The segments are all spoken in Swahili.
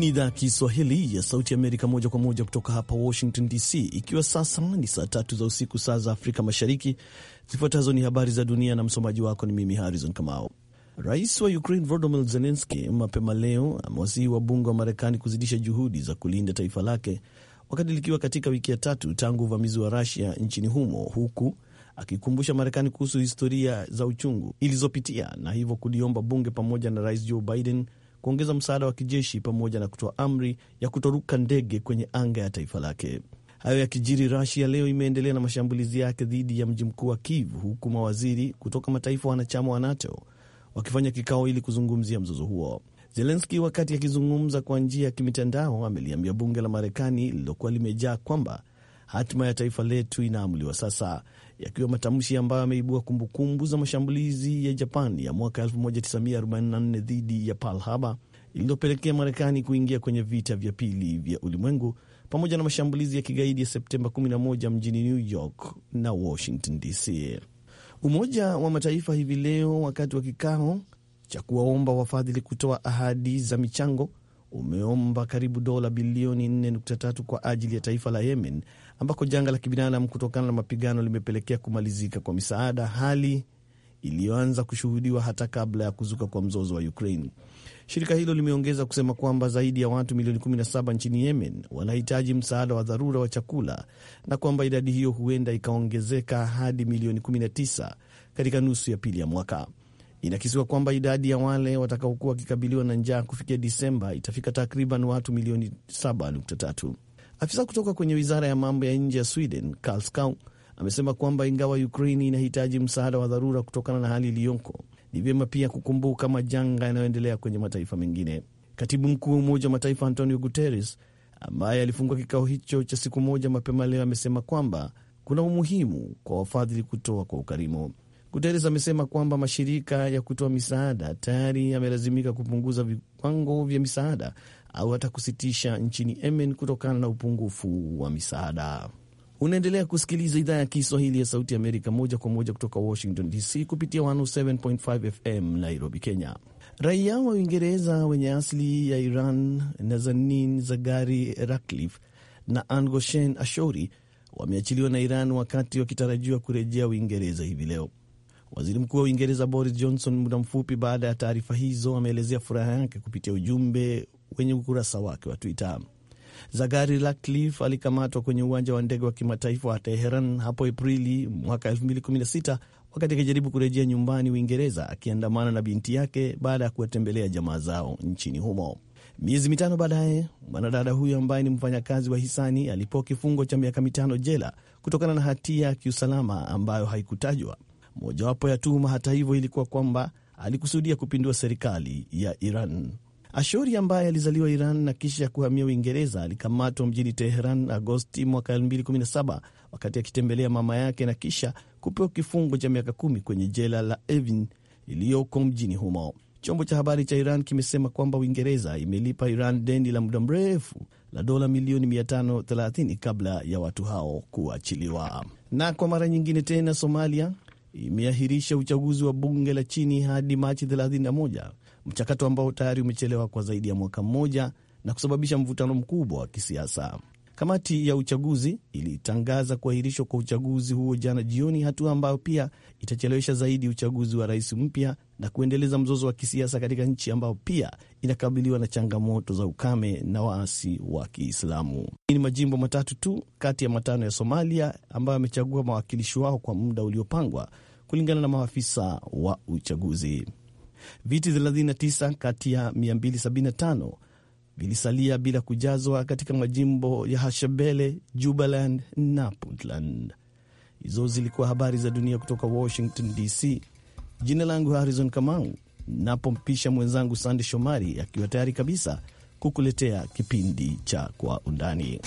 ni idhaa ya Kiswahili ya Sauti Amerika, moja kwa moja kutoka hapa Washington DC, ikiwa sasa ni saa tatu za usiku, saa za Afrika Mashariki. Zifuatazo ni habari za dunia na msomaji wako ni mimi Harrison Kamao. Rais wa Ukraine Volodymyr zelenski mapema leo amewasihi wabunge wa Marekani kuzidisha juhudi za kulinda taifa lake wakati likiwa katika wiki ya tatu tangu uvamizi wa Rusia nchini humo, huku akikumbusha Marekani kuhusu historia za uchungu ilizopitia na hivyo kuliomba bunge pamoja na rais Joe Biden kuongeza msaada wa kijeshi pamoja na kutoa amri ya kutoruka ndege kwenye anga ya taifa lake. Hayo yakijiri, Rasia leo imeendelea na mashambulizi yake dhidi ya mji mkuu wa Kiev, huku mawaziri kutoka mataifa wanachama wa NATO wakifanya kikao ili kuzungumzia mzozo huo. Zelenski, wakati akizungumza kwa njia ya kimitandao, ameliambia bunge la Marekani lililokuwa limejaa kwamba Hatima ya taifa letu inaamuliwa sasa, yakiwa matamshi ambayo yameibua kumbukumbu za mashambulizi ya Japan ya mwaka 1944 dhidi ya Pearl Harbor lililopelekea Marekani kuingia kwenye vita vya pili vya ulimwengu pamoja na mashambulizi ya kigaidi ya Septemba 11 mjini New York na Washington DC. Umoja wa Mataifa hivi leo, wakati wa kikao cha kuwaomba wafadhili kutoa ahadi za michango, umeomba karibu dola bilioni 4.3 kwa ajili ya taifa la Yemen ambako janga la kibinadamu kutokana na mapigano limepelekea kumalizika kwa misaada, hali iliyoanza kushuhudiwa hata kabla ya kuzuka kwa mzozo wa Ukraine. Shirika hilo limeongeza kusema kwamba zaidi ya watu milioni 17 nchini Yemen wanahitaji msaada wa dharura wa chakula na kwamba idadi hiyo huenda ikaongezeka hadi milioni 19 katika nusu ya pili ya mwaka. Inakisiwa kwamba idadi ya wale watakaokuwa wakikabiliwa na njaa kufikia Disemba itafika takriban watu milioni 7.3. Afisa kutoka kwenye wizara ya mambo ya nje ya Sweden Karl Skau amesema kwamba ingawa Ukraini inahitaji msaada wa dharura kutokana na hali iliyoko, ni vyema pia kukumbuka majanga yanayoendelea kwenye mataifa mengine. Katibu mkuu wa Umoja wa Mataifa Antonio Guterres, ambaye alifungua kikao hicho cha siku moja mapema leo, amesema kwamba kuna umuhimu kwa wafadhili kutoa kwa ukarimu. Guterres amesema kwamba mashirika ya kutoa misaada tayari yamelazimika kupunguza viwango vya misaada au hata kusitisha nchini Yemen kutokana na upungufu wa misaada. Unaendelea kusikiliza idhaa ya Kiswahili ya Sauti Amerika moja kwa moja kutoka Washington DC kupitia 107.5 FM Nairobi, Kenya. Raia wa Uingereza wenye asili ya Iran, Nazanin Zagari Ratcliffe na Angoshen Ashori wameachiliwa na Iran wakati wakitarajiwa kurejea Uingereza hivi leo. Waziri Mkuu wa Uingereza Boris Johnson, muda mfupi baada ya taarifa hizo, ameelezea furaha yake kupitia ujumbe wenye ukurasa wake wa Twitter. Zagari Ratcliffe alikamatwa kwenye uwanja wa ndege wa kimataifa wa Teheran hapo Aprili mwaka 2016 wakati akijaribu kurejea nyumbani Uingereza akiandamana na binti yake baada ya kuwatembelea jamaa zao nchini humo. Miezi mitano baadaye, mwanadada huyo ambaye ni mfanyakazi wa hisani alipewa kifungo cha miaka mitano jela kutokana na hatia ya kiusalama ambayo haikutajwa. Mojawapo ya tuhuma, hata hivyo, ilikuwa kwamba alikusudia kupindua serikali ya Iran. Ashori ambaye alizaliwa Iran na kisha kuhamia Uingereza alikamatwa mjini Teheran Agosti mwaka 2017 wakati akitembelea ya mama yake na kisha kupewa kifungo cha miaka kumi kwenye jela la Evin iliyoko mjini humo. Chombo cha habari cha Iran kimesema kwamba Uingereza imelipa Iran deni la muda mrefu la dola milioni 530 kabla ya watu hao kuachiliwa. Na kwa mara nyingine tena Somalia imeahirisha uchaguzi wa bunge la chini hadi Machi 31 mchakato ambao tayari umechelewa kwa zaidi ya mwaka mmoja na kusababisha mvutano mkubwa wa kisiasa. Kamati ya uchaguzi ilitangaza kuahirishwa kwa uchaguzi huo jana jioni, hatua ambayo pia itachelewesha zaidi uchaguzi wa rais mpya na kuendeleza mzozo wa kisiasa katika nchi ambayo pia inakabiliwa na changamoto za ukame na waasi wa Kiislamu. hii Ni majimbo matatu tu kati ya matano ya Somalia ambayo yamechagua mawakilishi wao kwa muda uliopangwa, kulingana na maafisa wa uchaguzi. Viti 39 kati ya 275 vilisalia bila kujazwa katika majimbo ya hashabele Jubaland na Puntland. Hizo zilikuwa habari za dunia kutoka Washington DC. Jina langu Harrison Kamau, napompisha mwenzangu Sande Shomari akiwa tayari kabisa kukuletea kipindi cha Kwa Undani.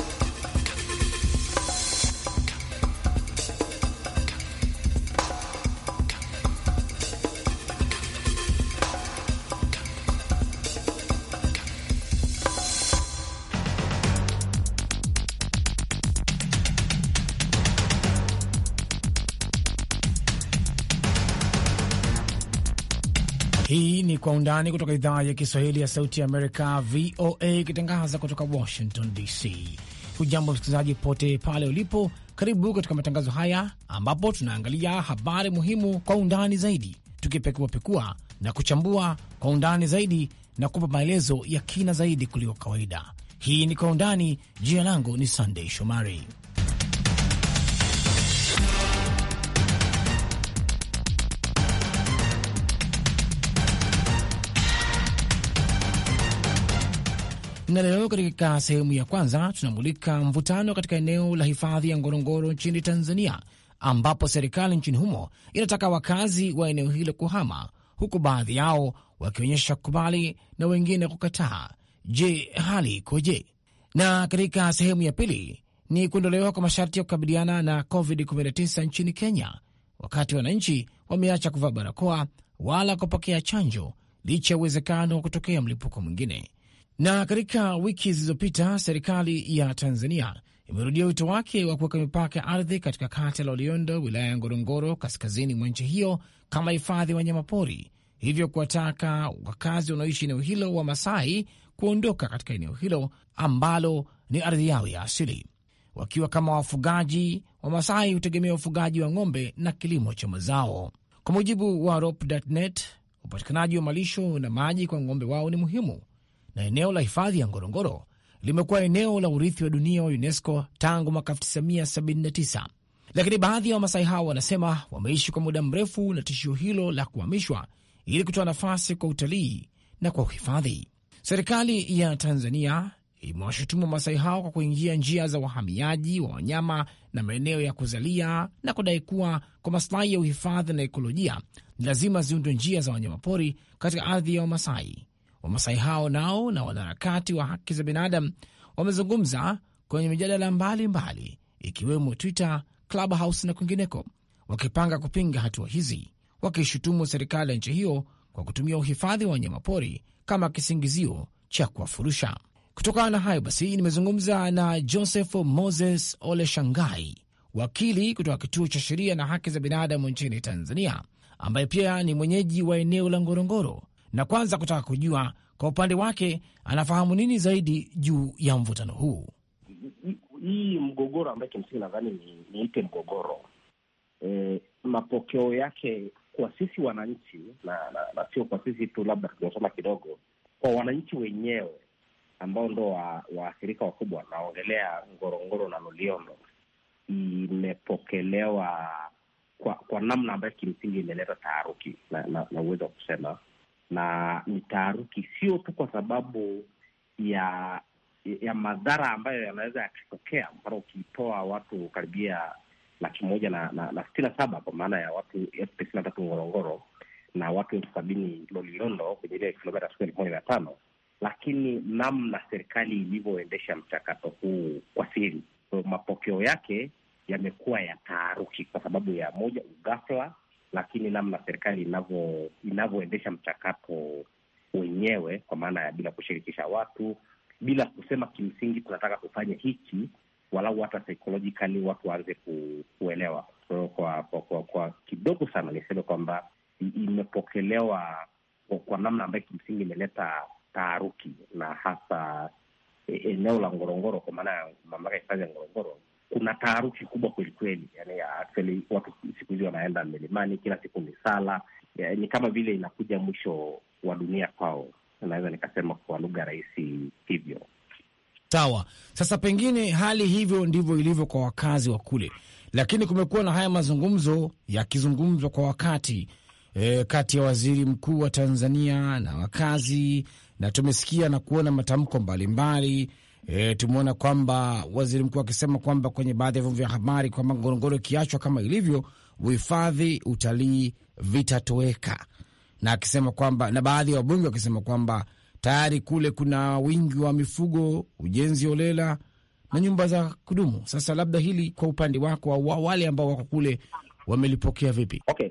kwa undani kutoka idhaa ya Kiswahili ya Sauti ya Amerika, VOA, ikitangaza kutoka Washington DC. Hujambo msikilizaji pote pale ulipo, karibu katika matangazo haya ambapo tunaangalia habari muhimu kwa undani zaidi, tukipekuapekua na kuchambua kwa undani zaidi na kupa maelezo ya kina zaidi kuliko kawaida. Hii ni Kwa Undani. Jina langu ni Sandei Shomari Na leo katika sehemu ya kwanza tunamulika mvutano katika eneo la hifadhi ya Ngorongoro nchini Tanzania, ambapo serikali nchini humo inataka wakazi wa eneo hilo kuhama, huku baadhi yao wakionyesha kukubali na wengine kukataa. Je, hali ikoje? Na katika sehemu ya pili ni kuondolewa kwa masharti ya kukabiliana na COVID-19 nchini Kenya, wakati wananchi wameacha kuvaa barakoa wala kupokea chanjo licha ya uwezekano wa kutokea mlipuko mwingine. Na katika wiki zilizopita serikali ya Tanzania imerudia wito wake wa kuweka mipaka ya ardhi katika kata la Oliondo, wilaya ya Ngorongoro, kaskazini mwa nchi hiyo kama hifadhi ya wanyamapori, hivyo kuwataka wakazi wanaoishi eneo hilo wa Masai kuondoka katika eneo hilo ambalo ni ardhi yao ya asili, wakiwa kama wafugaji wa Masai hutegemea ufugaji wa ng'ombe na kilimo cha mazao. Kwa mujibu wa rop.net, upatikanaji wa malisho na maji kwa ng'ombe wao ni muhimu na eneo la hifadhi ya Ngorongoro limekuwa eneo la urithi wa dunia wa UNESCO tangu mwaka 1979 lakini baadhi ya Wamasai hao wanasema wameishi kwa muda mrefu na tishio hilo la kuhamishwa ili kutoa nafasi kwa utalii na kwa uhifadhi. Serikali ya Tanzania imewashutumu Wamasai hao kwa kuingia njia za wahamiaji wa wanyama na maeneo ya kuzalia na kudai kuwa kwa masilahi ya uhifadhi na ekolojia ni lazima ziundwe njia za wanyamapori katika ardhi ya Wamasai. Wamasai hao nao na wanaharakati wa haki za binadamu wamezungumza kwenye mijadala mbalimbali ikiwemo Twitter, Clubhouse na kwingineko, wakipanga kupinga hatua hizi, wakishutumu serikali ya nchi hiyo kwa kutumia uhifadhi wa wanyamapori kama kisingizio cha kuwafurusha. Kutokana na hayo basi, nimezungumza na Joseph Moses Ole Shangai, wakili kutoka Kituo cha Sheria na Haki za Binadamu nchini Tanzania, ambaye pia ni mwenyeji wa eneo la Ngorongoro na kwanza kutaka kujua kwa upande wake anafahamu nini zaidi juu ya mvutano huu. Hii mgogoro ambaye kimsingi nadhani niite mgogoro e, mapokeo yake kwa sisi wananchi na, na, na sio kwa sisi tu, labda tuliosoma kidogo, kwa wananchi wenyewe ambao ndo waathirika wa wakubwa, naongelea Ngorongoro na Loliondo, imepokelewa kwa kwa namna ambayo kimsingi imeleta taharuki na, na, na uwezo wa kusema na ni taharuki, sio tu kwa sababu ya ya madhara ambayo yanaweza yakatokea. Mfano, ukitoa watu karibia laki moja na, na, na sitini na saba kwa maana ya watu elfu tisini na tatu Ngorongoro na watu elfu sabini Loliondo kwenye ile kilomita elfu moja mia tano lakini namna serikali ilivyoendesha mchakato huu kwa siri, mapokeo yake yamekuwa ya taharuki kwa sababu ya moja, ugafla lakini namna serikali inavyoendesha mchakato wenyewe, kwa maana ya bila kushirikisha watu, bila kusema kimsingi tunataka kufanya hiki, walau hata psychologically watu waanze kuelewa. So, kwa, kwa, kwa, kwa kidogo sana niseme kwamba imepokelewa kwa, kwa namna ambayo kimsingi imeleta taharuki na hasa e, eneo la Ngorongoro, kwa maana ya mamlaka ya hifadhi ya Ngorongoro kuna taharuki kubwa kwelikweli. Yani actually watu siku hizi wanaenda milimani, kila siku ni sala, ni kama vile inakuja mwisho wa dunia kwao, naweza nikasema kwa lugha rahisi hivyo. Sawa. Sasa pengine hali hivyo ndivyo ilivyo kwa wakazi wa kule, lakini kumekuwa na haya mazungumzo yakizungumzwa kwa wakati e, kati ya waziri mkuu wa Tanzania na wakazi, na tumesikia na kuona matamko mbalimbali E, tumeona kwamba waziri mkuu akisema kwamba kwenye baadhi ya vyombo vya habari kwamba Ngorongoro ikiachwa kama ilivyo, uhifadhi, utalii vitatoweka, na akisema kwamba na baadhi ya wabunge wakisema kwamba tayari kule kuna wingi wa mifugo, ujenzi holela na nyumba za kudumu. Sasa labda hili kwa upande wako au wa wale ambao wako kule wamelipokea vipi? Okay,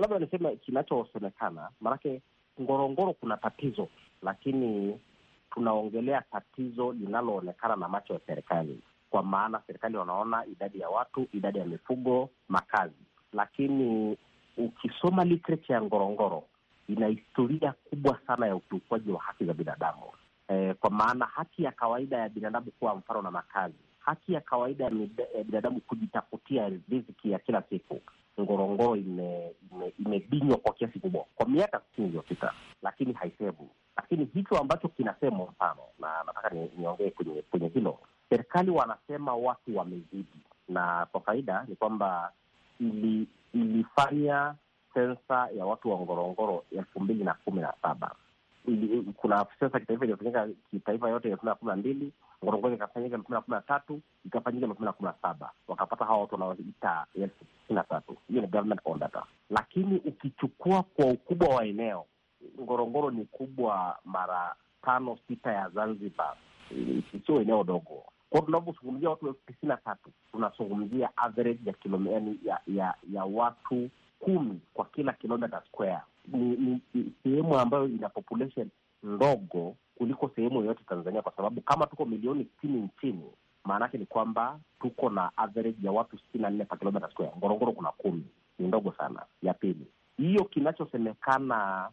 labda niseme kinachosemekana, maanake Ngorongoro kuna tatizo, lakini tunaongelea tatizo linaloonekana na macho ya serikali, kwa maana serikali wanaona idadi ya watu, idadi ya mifugo, makazi. Lakini ukisoma literature ya Ngorongoro ina historia kubwa sana ya ukiukwaji wa haki za binadamu e, kwa maana haki ya kawaida ya binadamu kuwa mfano na makazi, haki ya kawaida ya binadamu kujitafutia riziki ya kila siku Ngorongoro imebinywa ime, ime kwa kiasi kubwa kwa miaka sitini iliyopita, lakini haisebu lakini hicho ambacho kinasemwa, mfano, na nataka niongee kwenye kwenye hilo, serikali wanasema watu wamezidi, na kwa faida ni kwamba ili, ilifanya sensa ya watu wa Ngorongoro elfu mbili na kumi na saba kuna sensa kitaifa iliyofanyika kitaifa yote elfu mbili na kumi na mbili Ngorongoro ikafanyika elfu mbili na kumi na tatu ikafanyika elfu mbili na kumi na saba wakapata hawa watu wanaoita elfu tisini na tatu Hiyo ni government data, lakini ukichukua kwa ukubwa wa eneo Ngorongoro ni kubwa mara tano sita ya Zanzibar, sio eneo dogo. Kwa tunavyozungumzia watu elfu tisini na tatu tunazungumzia average ya kilomita ya, ya, ya watu kumi kwa kila kilomita square. Ni sehemu ambayo ina population ndogo kuliko sehemu yoyote Tanzania, kwa sababu kama tuko milioni sitini nchini, yake ni kwamba tuko na average ya watu sitini na nne kwa kilomita square. Ngorongoro kuna kumi, ni ndogo sana. Ya pili hiyo, kinachosemekana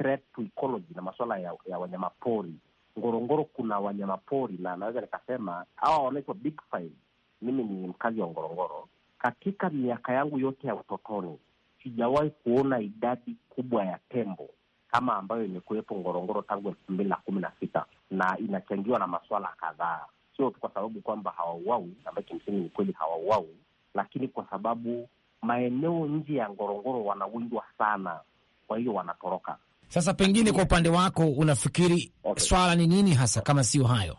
threat to ecology na masuala ya, ya wanyamapori Ngorongoro kuna wanyamapori na naweza nikasema hawa wanaitwa big five. Mimi ni mkazi wa Ngorongoro. Katika miaka yangu yote ya utotoni sijawahi kuona idadi kubwa ya tembo kama ambayo imekuwepo Ngorongoro tangu elfu mbili na kumi na sita na inachangiwa na maswala kadhaa, sio tu kwa sababu kwamba hawauau, ambayo kimsingi ni kweli hawauau, lakini kwa sababu maeneo nje ya Ngorongoro wanawindwa sana, kwa hiyo wanatoroka. Sasa pengine kwa upande wako unafikiri okay, swala ni nini hasa kama sio hayo?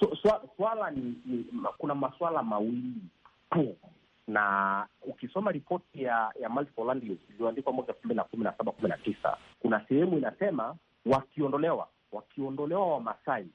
So, so, swala ni, ni kuna maswala mawili tu, na ukisoma ripoti ya ya multiple land use iliyoandikwa mwaka elfu mbili na kumi na saba kumi na tisa kuna sehemu inasema wakiondolewa wakiondolewa Wamasai,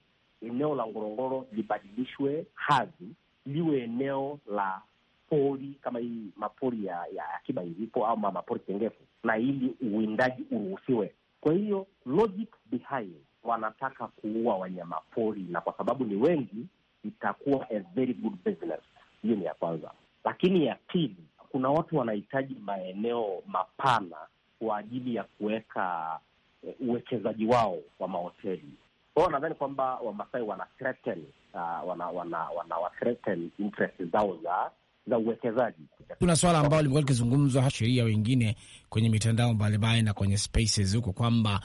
eneo la Ngorongoro libadilishwe hadhi liwe eneo la pori kama hii mapori ya, ya akiba ilipo au mapori tengefu, na ili uwindaji uruhusiwe. Kwa hiyo logic behind wanataka kuua wanyama pori, na kwa sababu ni wengi itakuwa a very good business. Hiyo ni ya kwanza, lakini ya pili, kuna watu wanahitaji maeneo mapana kwa ajili ya kuweka eh, uwekezaji wao wa mahoteli. Kwa hiyo nadhani kwamba Wamasai wana threaten, uh, wana wana, wana threaten interest zao za za uwekezaji. Kuna swala ambalo lilikuwa likizungumzwa sheria wengine kwenye mitandao mbalimbali na kwenye spaces huko kwamba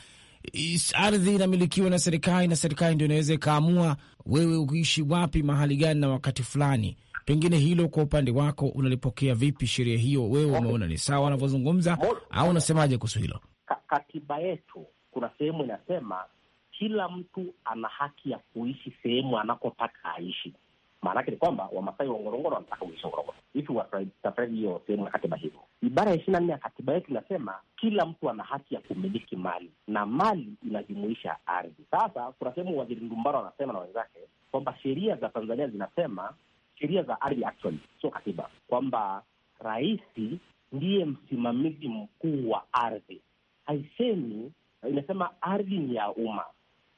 ardhi inamilikiwa na serikali na serikali ndio inaweza ikaamua wewe uishi wapi mahali gani na wakati fulani. Pengine hilo kwa upande wako unalipokea vipi sheria hiyo? Wewe umeona ni sawa wanavyozungumza au unasemaje kuhusu hilo? Ka katiba yetu kuna sehemu inasema kila mtu ana haki ya kuishi sehemu anakotaka aishi. Maanake ni kwamba Wamasai wa Ngorongoro wanataka uishi Ngorongoro hivi watafredi hiyo sehemu ya katiba hivyo. Ibara ya ishirini na nne ya katiba yetu inasema kila mtu ana haki ya kumiliki mali na mali inajumuisha ardhi. Sasa kuna sehemu waziri Ndumbaro anasema na wenzake kwamba sheria za Tanzania zinasema sheria za ardhi actually sio katiba, kwamba rahisi ndiye msimamizi mkuu wa ardhi. Haisemi, inasema ardhi ni ya umma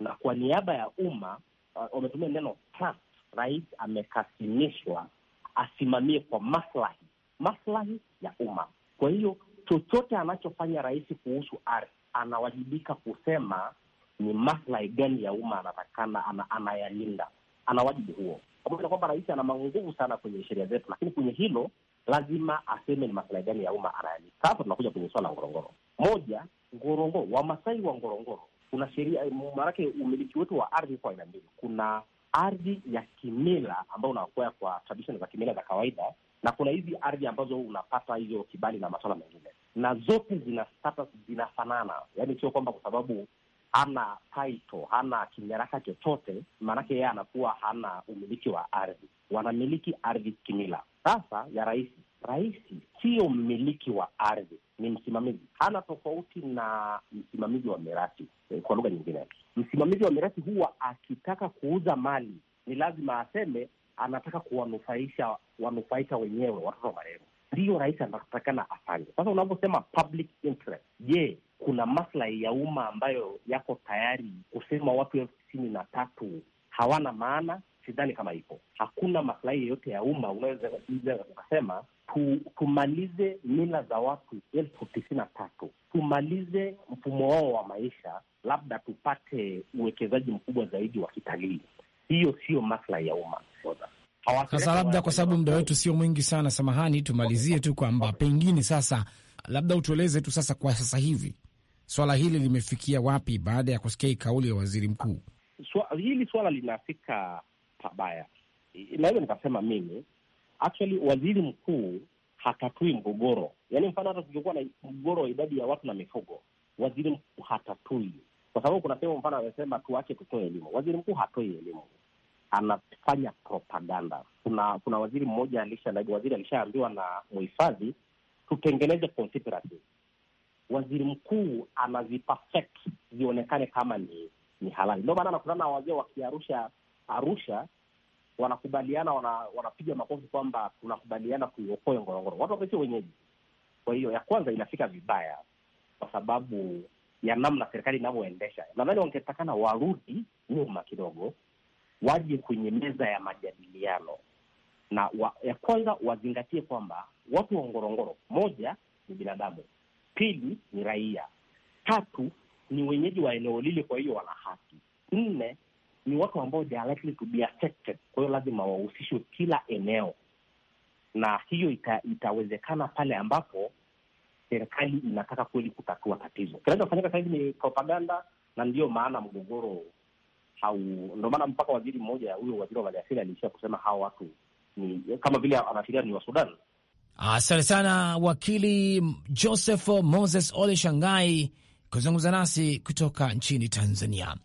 na kwa niaba ya umma uh, wametumia neno trust rais amekasimishwa asimamie kwa maslahi maslahi ya umma. Kwa hiyo chochote anachofanya rais kuhusu ardhi anawajibika kusema ni maslahi gani ya umma anatakana anayalinda. Ana wajibu huo, pamoja na kwamba rais ana manguvu sana kwenye sheria zetu, lakini kwenye hilo lazima aseme ni maslahi gani ya umma anayalinda. Sasa tunakuja kwenye swala la Ngorongoro. Moja, Ngorongoro, Wamasai wa Ngorongoro kuna sheria maanake, umiliki wetu wa ardhi kwa aina mbili. Kuna ardhi ya kimila ambayo unakwea kwa tradishon za kimila za kawaida, na kuna hizi ardhi ambazo unapata hizo kibali na masuala mengine, na zote zina status zinafanana, yaani sio kwamba kwa sababu hana title hana kinyaraka chochote, maanake yeye anakuwa hana umiliki wa ardhi. Wanamiliki ardhi kimila. Sasa ya rahisi rais sio mmiliki wa ardhi, ni msimamizi. Hana tofauti na msimamizi wa mirathi. Eh, kwa lugha nyingine, msimamizi wa mirathi huwa akitaka kuuza mali ni lazima aseme anataka kuwanufaisha wanufaika wenyewe, watoto wa marehemu. Ndiyo rais anatakana afanye. Sasa unavyosema public interest, je, kuna maslahi ya umma ambayo yako tayari kusema watu elfu tisini na tatu hawana maana, sidhani kama ipo. Hakuna maslahi yeyote ya umma unaweza ukasema tu, tumalize mila za watu elfu tisini na tatu, tumalize mfumo wao wa maisha, labda tupate uwekezaji mkubwa zaidi wa kitalii. Hiyo siyo maslahi ya umma. Sasa labda kwa sababu muda wetu sio mwingi sana, samahani, tumalizie tu kwamba pengine sasa, labda utueleze tu sasa, kwa sasa hivi swala hili limefikia wapi baada ya kusikia kauli ya waziri mkuu? swa, hili swala linafika pabaya. Naweza nikasema mimi actually, waziri mkuu hatatui mgogoro, yaani mfano hata kungekuwa na mgogoro wa idadi ya watu na mifugo, waziri mkuu hatatui, kwa sababu kuna sehemu mfano amesema tuache tutoe elimu. Waziri mkuu hatoi elimu, anafanya propaganda. Kuna kuna waziri mmoja alisha, naibu waziri alishaambiwa na mhifadhi, tutengeneze conspiracy. Waziri mkuu anaziperfect zionekane kama ni ni halali. Ndio maana nakutana na wazee wakiarusha Arusha, wanakubaliana wana, wanapiga makofi kwamba tunakubaliana kuiokoe Ngorongoro, watu wamesio wenyeji. Kwa hiyo ya kwanza inafika vibaya kwa sababu ya namna serikali inavyoendesha. Nadhani wangetakana warudi nyuma kidogo, waje kwenye meza ya majadiliano na wa, ya kwanza wazingatie kwamba watu wa Ngorongoro, moja ni binadamu, pili ni raia, tatu ni wenyeji wa eneo lile, kwa hiyo wana haki. Nne ni watu ambao they are likely to be affected, kwa hiyo lazima wahusishwe kila eneo, na hiyo ita, itawezekana pale ambapo serikali inataka kweli kutatua tatizo. Kinachofanyika sahizi ni propaganda, na ndiyo maana mgogoro hau, ndo maana mpaka waziri mmoja huyo waziri wa maliasili aliishia kusema hawa watu ni kama vile anafikiria ni wa Sudan. Asante sana wakili Joseph Moses Ole Shangai kuzungumza nasi kutoka nchini Tanzania.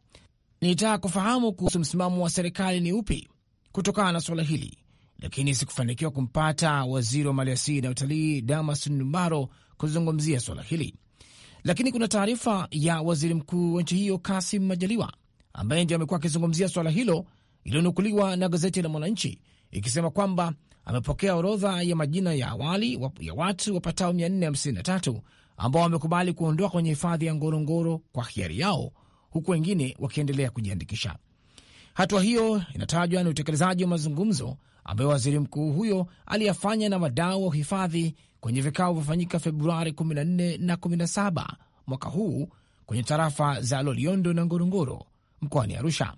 Nilitaka kufahamu kuhusu msimamo wa serikali ni upi kutokana na suala hili, lakini sikufanikiwa kumpata waziri wa maliasili na utalii Damas Ndumbaro kuzungumzia suala hili, lakini kuna taarifa ya waziri mkuu wa nchi hiyo Kasim Majaliwa ambaye ndio amekuwa akizungumzia suala hilo iliyonukuliwa na gazeti la Mwananchi ikisema kwamba amepokea orodha ya majina ya awali ya watu wapatao 453 ambao wamekubali kuondoa kwenye hifadhi ya Ngorongoro kwa hiari yao, huku wengine wakiendelea kujiandikisha. Hatua hiyo inatajwa ni utekelezaji wa mazungumzo ambayo waziri mkuu huyo aliyafanya na wadau wa uhifadhi kwenye vikao vyofanyika Februari 14 na 17 mwaka huu kwenye tarafa za Loliondo na Ngorongoro mkoani Arusha.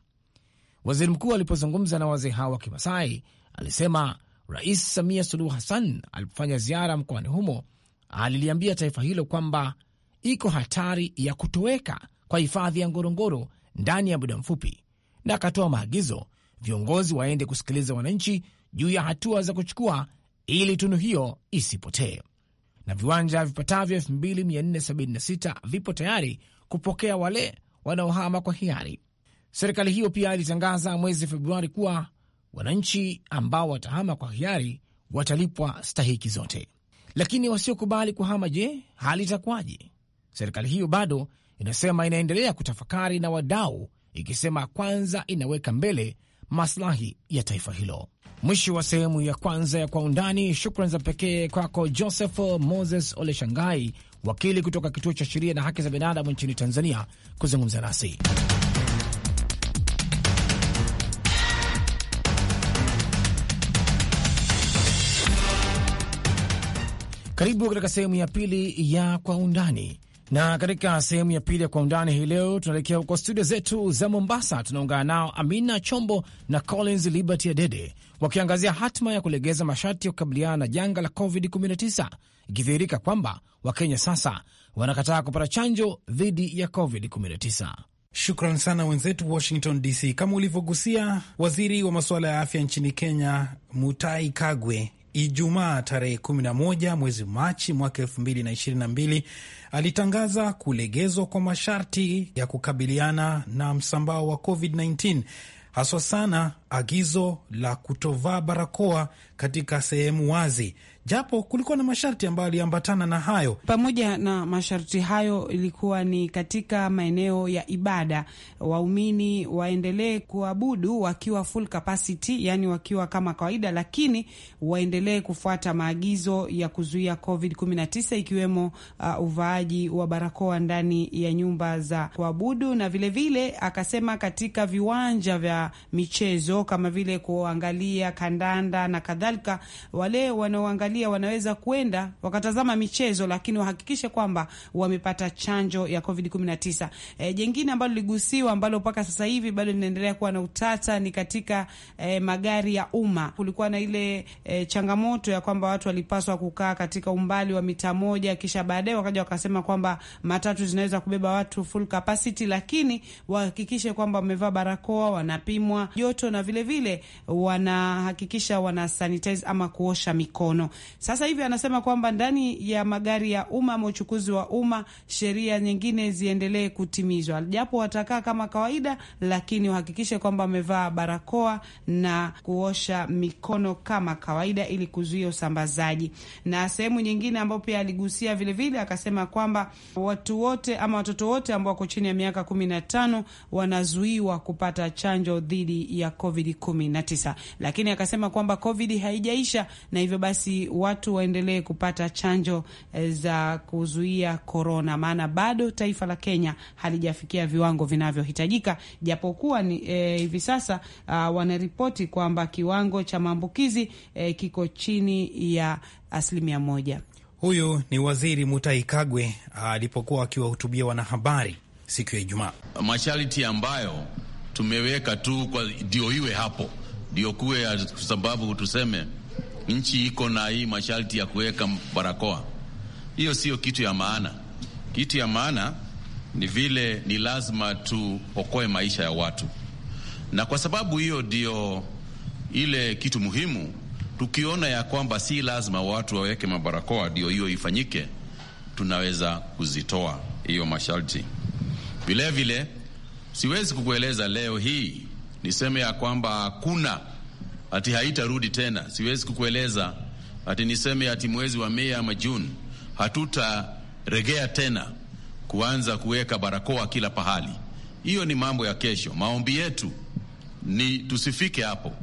Waziri mkuu alipozungumza na wazee hao wa Kimasai alisema Rais Samia Suluhu Hassan alipofanya ziara mkoani humo aliliambia taifa hilo kwamba iko hatari ya kutoweka kwa hifadhi ya Ngorongoro ndani ya muda mfupi, na akatoa maagizo viongozi waende kusikiliza wananchi juu ya hatua za kuchukua ili tunu hiyo isipotee. Na viwanja vipatavyo 2476 vipo tayari kupokea wale wanaohama kwa hiari. Serikali hiyo pia ilitangaza mwezi Februari kuwa wananchi ambao watahama kwa hiari watalipwa stahiki zote. Lakini wasiokubali kuhama, je, hali itakuwaje? Serikali hiyo bado inasema inaendelea kutafakari na wadau, ikisema kwanza inaweka mbele maslahi ya taifa hilo. Mwisho wa sehemu ya kwanza ya Kwa Undani. Shukran za pekee kwako Joseph Moses Oleshangai, wakili kutoka Kituo cha Sheria na Haki za Binadamu nchini Tanzania, kuzungumza nasi. Karibu katika sehemu ya pili ya kwa undani, na katika sehemu ya pili ya kwa undani hii leo tunaelekea huko studio zetu za Mombasa. Tunaungana nao Amina Chombo na Collins Liberty Adede wakiangazia hatima ya kulegeza masharti ya kukabiliana na janga la COVID-19, ikidhihirika kwamba Wakenya sasa wanakataa kupata chanjo dhidi ya COVID-19. Shukran sana wenzetu Washington DC. Kama ulivyogusia, waziri wa masuala ya afya nchini Kenya Mutai Kagwe Ijumaa tarehe 11 mwezi Machi mwaka 2022 alitangaza kulegezwa kwa masharti ya kukabiliana na msambao wa COVID-19 haswa sana agizo la kutovaa barakoa katika sehemu wazi, japo kulikuwa na masharti ambayo aliambatana na hayo. Pamoja na masharti hayo, ilikuwa ni katika maeneo ya ibada, waumini waendelee kuabudu wakiwa full capacity, yani wakiwa kama kawaida, lakini waendelee kufuata maagizo ya kuzuia COVID-19 ikiwemo uh, uvaaji wa barakoa ndani ya nyumba za kuabudu na vilevile vile, akasema katika viwanja vya michezo kama vile kuangalia kandanda na kadhalika. Wale wanaoangalia wanaweza kwenda wakatazama michezo, lakini wahakikishe kwamba wamepata chanjo ya Covid 19. E, jengine ambalo ligusiwa ambalo mpaka sasa hivi bado linaendelea kuwa na utata ni katika e, magari ya umma. Kulikuwa na ile e, changamoto ya kwamba watu walipaswa kukaa katika umbali wa mita moja, kisha baadaye wakaja wakasema kwamba matatu zinaweza kubeba watu full capacity, lakini wahakikishe kwamba wamevaa barakoa, wanapimwa joto na vilevile wanahakikisha wana sanitize ama kuosha mikono. Sasa hivi anasema kwamba ndani ya magari ya umma ama uchukuzi wa umma sheria nyingine ziendelee kutimizwa, japo watakaa kama kawaida, lakini wahakikishe kwamba wamevaa barakoa na kuosha mikono kama kawaida ili kuzuia usambazaji. Na sehemu nyingine ambayo pia aligusia vilevile, akasema kwamba watu wote ama watoto wote ambao wako chini ya miaka kumi na tano wanazuiwa kupata chanjo dhidi ya COVID COVID-19, lakini akasema kwamba COVID haijaisha na hivyo basi watu waendelee kupata chanjo eh, za kuzuia korona, maana bado taifa la Kenya halijafikia viwango vinavyohitajika, japokuwa e, hivi sasa uh, wanaripoti kwamba kiwango cha maambukizi e, kiko chini ya asilimia moja. Huyu ni Waziri Mutahi Kagwe alipokuwa akiwahutubia wanahabari siku ya Ijumaa. Masharti ambayo tumeweka tu kwa ndio iwe hapo, ndio kuwe, kwa sababu tuseme nchi iko na hii masharti ya kuweka barakoa. Hiyo sio kitu ya maana. Kitu ya maana ni vile ni lazima tuokoe maisha ya watu, na kwa sababu hiyo ndio ile kitu muhimu. Tukiona ya kwamba si lazima watu waweke mabarakoa ndio hiyo ifanyike, tunaweza kuzitoa hiyo masharti vilevile Siwezi kukueleza leo hii niseme ya kwamba hakuna ati haitarudi tena. Siwezi kukueleza ati niseme ati mwezi wa Mei ama Juni hatutaregea tena kuanza kuweka barakoa kila pahali. Hiyo ni mambo ya kesho. Maombi yetu ni tusifike hapo,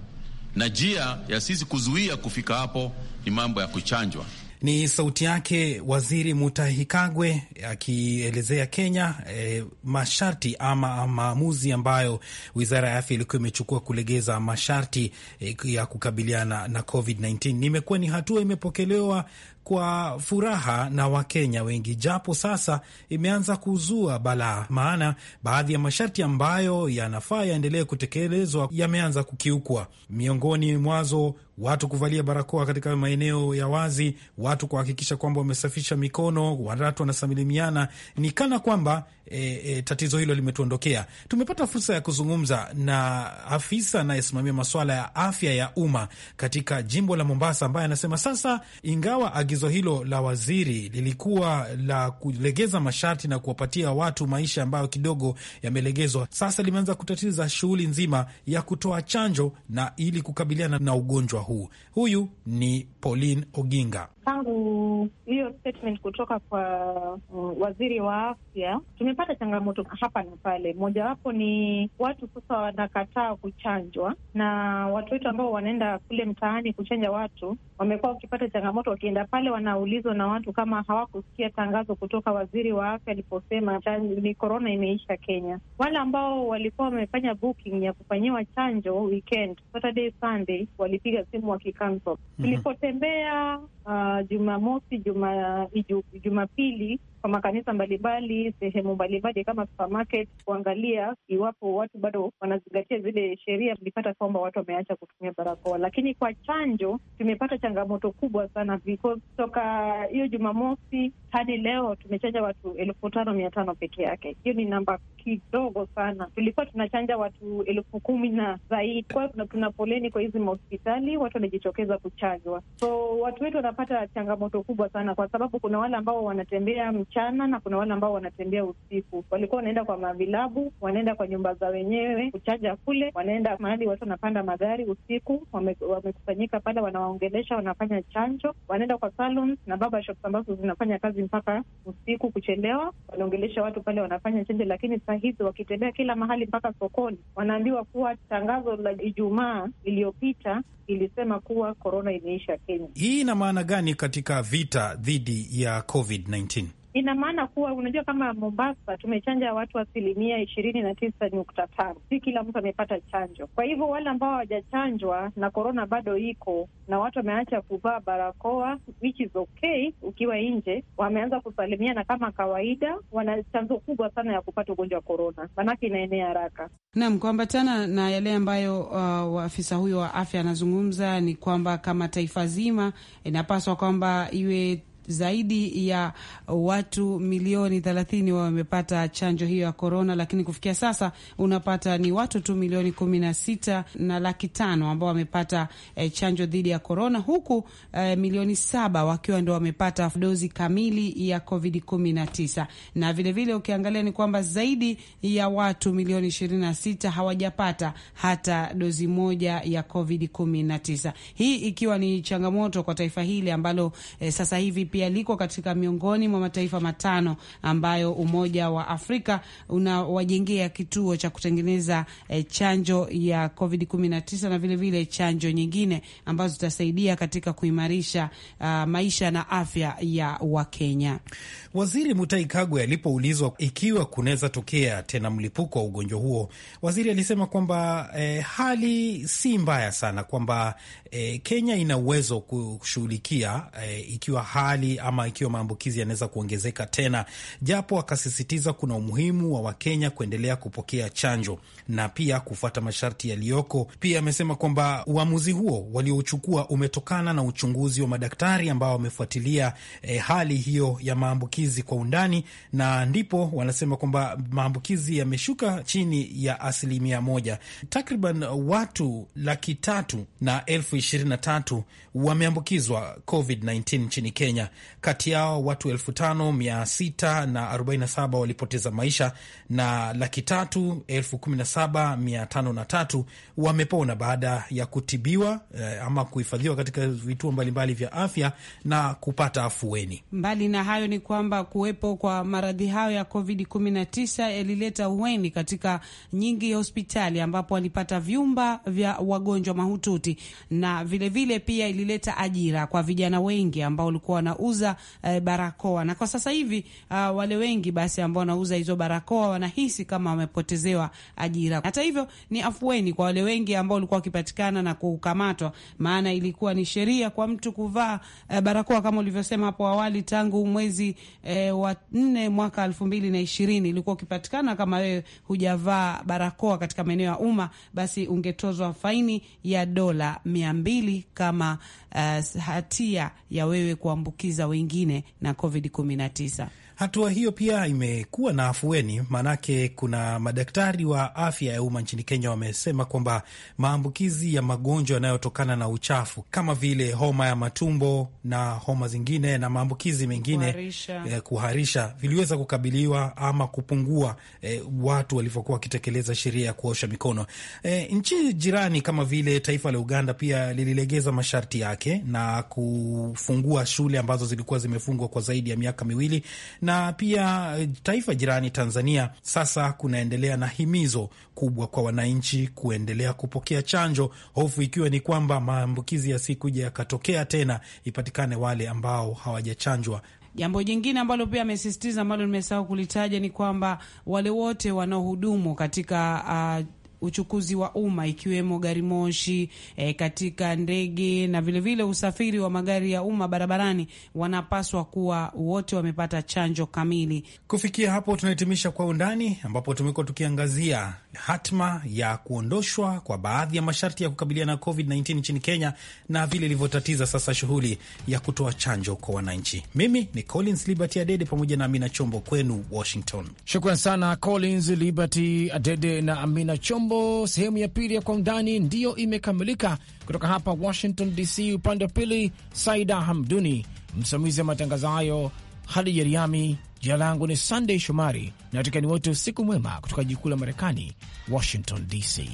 na njia ya sisi kuzuia kufika hapo ni mambo ya kuchanjwa. Ni sauti yake Waziri Mutahi Kagwe akielezea Kenya e, masharti ama maamuzi ambayo wizara ya afya ilikuwa imechukua kulegeza masharti e, ya kukabiliana na COVID-19. Nimekuwa ni hatua imepokelewa kwa furaha na Wakenya wengi, japo sasa imeanza kuzua balaa, maana baadhi ya masharti ambayo yanafaa yaendelee kutekelezwa yameanza kukiukwa, miongoni mwazo watu kuvalia barakoa katika maeneo ya wazi, watu kuhakikisha kwamba wamesafisha mikono, watu wanasamilimiana, ni kana kwamba e, e, tatizo hilo limetuondokea. Tumepata fursa ya kuzungumza na afisa anayesimamia masuala ya afya ya umma katika jimbo la Mombasa, ambaye anasema sasa, ingawa agizo hilo la waziri lilikuwa la kulegeza masharti na kuwapatia watu maisha ambayo kidogo yamelegezwa, sasa limeanza kutatiza shughuli nzima ya kutoa chanjo na ili kukabiliana na ugonjwa huu. Huyu ni Pauline Oginga tangu hiyo statement kutoka kwa uh, waziri wa afya, tumepata changamoto hapa na pale. Mojawapo ni watu sasa wanakataa kuchanjwa, na watu wetu ambao wanaenda kule mtaani kuchanja watu wamekuwa wakipata changamoto, wakienda pale wanaulizwa na watu kama hawakusikia tangazo kutoka waziri wa afya aliposema ni korona imeisha Kenya. Wale ambao walikuwa wamefanya booking ya kufanyiwa chanjo weekend, Saturday, Sunday, walipiga simu wakikanso mhm. Tulipotembea mm -hmm. uh, Jumamosi, Jumapili, kwa makanisa mbalimbali, sehemu mbalimbali kama supermarket, kuangalia iwapo watu bado wanazingatia zile sheria. Tulipata kwamba watu wameacha kutumia barakoa, lakini kwa chanjo tumepata changamoto kubwa sana because toka hiyo Jumamosi hadi leo tumechanja watu elfu tano mia tano peke yake. Hiyo ni namba kidogo sana. Tulikuwa tunachanja watu elfu kumi na zaidi. Kwa tuna poleni kwa hizi mahospitali, watu wanajitokeza kuchanjwa, so watu wetu wanapata changamoto kubwa sana, kwa sababu kuna wale ambao wanatembea mchana na kuna wale ambao wanatembea usiku. Walikuwa wanaenda kwa mavilabu, wanaenda kwa nyumba za wenyewe kuchaja kule, wanaenda mahali watu wanapanda magari usiku, wamekusanyika wame pale, wanawaongelesha, wanafanya chanjo, wanaenda kwa salons na baba shops ambazo zinafanya kazi mpaka usiku kuchelewa, wanaongelesha watu pale, wanafanya chanjo. Lakini saa hizi wakitembea kila mahali mpaka sokoni, wanaambiwa kuwa tangazo la Ijumaa iliyopita ilisema kuwa korona imeisha Kenya. Hii ina maana gani katika vita dhidi ya COVID-19? ina maana kuwa unajua, kama Mombasa tumechanja watu asilimia ishirini na tisa nukta tano. Si kila mtu amepata chanjo, kwa hivyo wale ambao hawajachanjwa na korona bado iko na watu wameacha kuvaa barakoa, which is okay ukiwa nje, wameanza kusalimiana kama kawaida, wana chanzo kubwa sana ya kupata ugonjwa wa korona, maanake inaenea haraka. Naam, kuambatana na yale ambayo uh, afisa huyo wa afya anazungumza ni kwamba kama taifa zima inapaswa kwamba iwe zaidi ya watu milioni thelathini wamepata chanjo hiyo ya korona, lakini kufikia sasa unapata ni watu tu milioni kumi na sita na laki tano ambao wamepata e, chanjo dhidi ya korona, huku e, milioni saba wakiwa ndo wamepata dozi kamili ya covid kumi na tisa. Na vilevile ukiangalia ni kwamba zaidi ya watu milioni ishirini na sita hawajapata hata dozi moja ya covid kumi na tisa, hii ikiwa ni changamoto kwa taifa hili ambalo e, sasa hivi pia liko katika miongoni mwa mataifa matano ambayo Umoja wa Afrika unawajengea kituo cha kutengeneza eh, chanjo ya COVID 19 na vilevile vile chanjo nyingine ambazo zitasaidia katika kuimarisha uh, maisha na afya ya Wakenya. Waziri Mutai Kagwe alipoulizwa ikiwa kunaweza tokea tena mlipuko wa ugonjwa huo, waziri alisema kwamba eh, hali si mbaya sana, kwamba eh, Kenya ina uwezo kushughulikia eh, ikiwa hali hali ama ikiwa maambukizi yanaweza kuongezeka tena, japo akasisitiza kuna umuhimu wa Wakenya kuendelea kupokea chanjo na pia kufuata masharti yaliyoko. Pia amesema kwamba uamuzi huo waliouchukua umetokana na uchunguzi wa madaktari ambao wamefuatilia e, hali hiyo ya maambukizi kwa undani, na ndipo wanasema kwamba maambukizi yameshuka chini ya asilimia moja. Takriban watu laki tatu na elfu ishirini na tatu wameambukizwa COVID-19 nchini Kenya kati yao watu 5647 walipoteza maisha na laki tatu wamepona baada ya kutibiwa eh, ama kuhifadhiwa katika vituo mbalimbali vya afya na kupata afueni. Mbali na hayo ni kwamba kuwepo kwa maradhi hayo ya COVID-19 yalileta uweni katika nyingi ya hospitali ambapo walipata vyumba vya wagonjwa mahututi na vilevile vile pia ilileta ajira kwa vijana wengi ambao walikuwa na wanauza eh, barakoa na kwa sasa hivi uh, wale wengi basi ambao wanauza hizo barakoa wanahisi kama wamepotezewa ajira. Hata hivyo ni afueni kwa wale wengi ambao walikuwa wakipatikana na kukamatwa, maana ilikuwa ni sheria kwa mtu kuvaa eh, barakoa kama ulivyosema hapo awali, tangu mwezi eh, wa nne mwaka elfu mbili na ishirini ilikuwa ukipatikana kama wewe hujavaa barakoa katika maeneo ya umma, basi ungetozwa faini ya dola mia mbili kama uh, hatia ya wewe kuambukiza wengine na COVID 19. Hatua hiyo pia imekuwa na afueni, maanake kuna madaktari wa afya ya umma nchini Kenya wamesema kwamba maambukizi ya magonjwa yanayotokana na uchafu kama vile homa ya matumbo na homa zingine na maambukizi mengine kuharisha, eh, kuharisha viliweza kukabiliwa ama kupungua eh, watu walivyokuwa wakitekeleza sheria ya kuosha mikono. Eh, nchi jirani kama vile taifa la Uganda pia lililegeza masharti yake na kufungua shule ambazo zilikuwa zimefungwa kwa zaidi ya miaka miwili na pia eh, taifa jirani Tanzania sasa kunaendelea na himizo kubwa kwa wananchi kuendelea kupokea chanjo, hofu ikiwa ni kwamba maambukizi yasikuja yakatokea tena, ipatikane wale ambao hawajachanjwa. Jambo jingine ambalo pia amesisitiza ambalo nimesahau kulitaja ni kwamba wale wote wanaohudumu katika uh, uchukuzi wa umma ikiwemo gari moshi e, katika ndege na vilevile vile usafiri wa magari ya umma barabarani, wanapaswa kuwa wote wamepata chanjo kamili. Kufikia hapo tunahitimisha Kwa Undani, ambapo tumekuwa tukiangazia hatma ya kuondoshwa kwa baadhi ya masharti ya kukabiliana na COVID-19 nchini Kenya na vile ilivyotatiza sasa shughuli ya kutoa chanjo kwa wananchi. Mimi ni Collins Liberty Adede pamoja na Amina Chombo kwenu Washington. Shukran sana Collins Liberty Adede na Amina Chombo. Sehemu ya pili ya Kwa Undani ndiyo imekamilika kutoka hapa Washington DC. Upande wa pili, Saida Hamduni msimamizi wa matangazo hayo, Hadija Riami. Jina langu ni Sunday Shomari na watikani wote, usiku mwema kutoka jikuu la Marekani, Washington DC.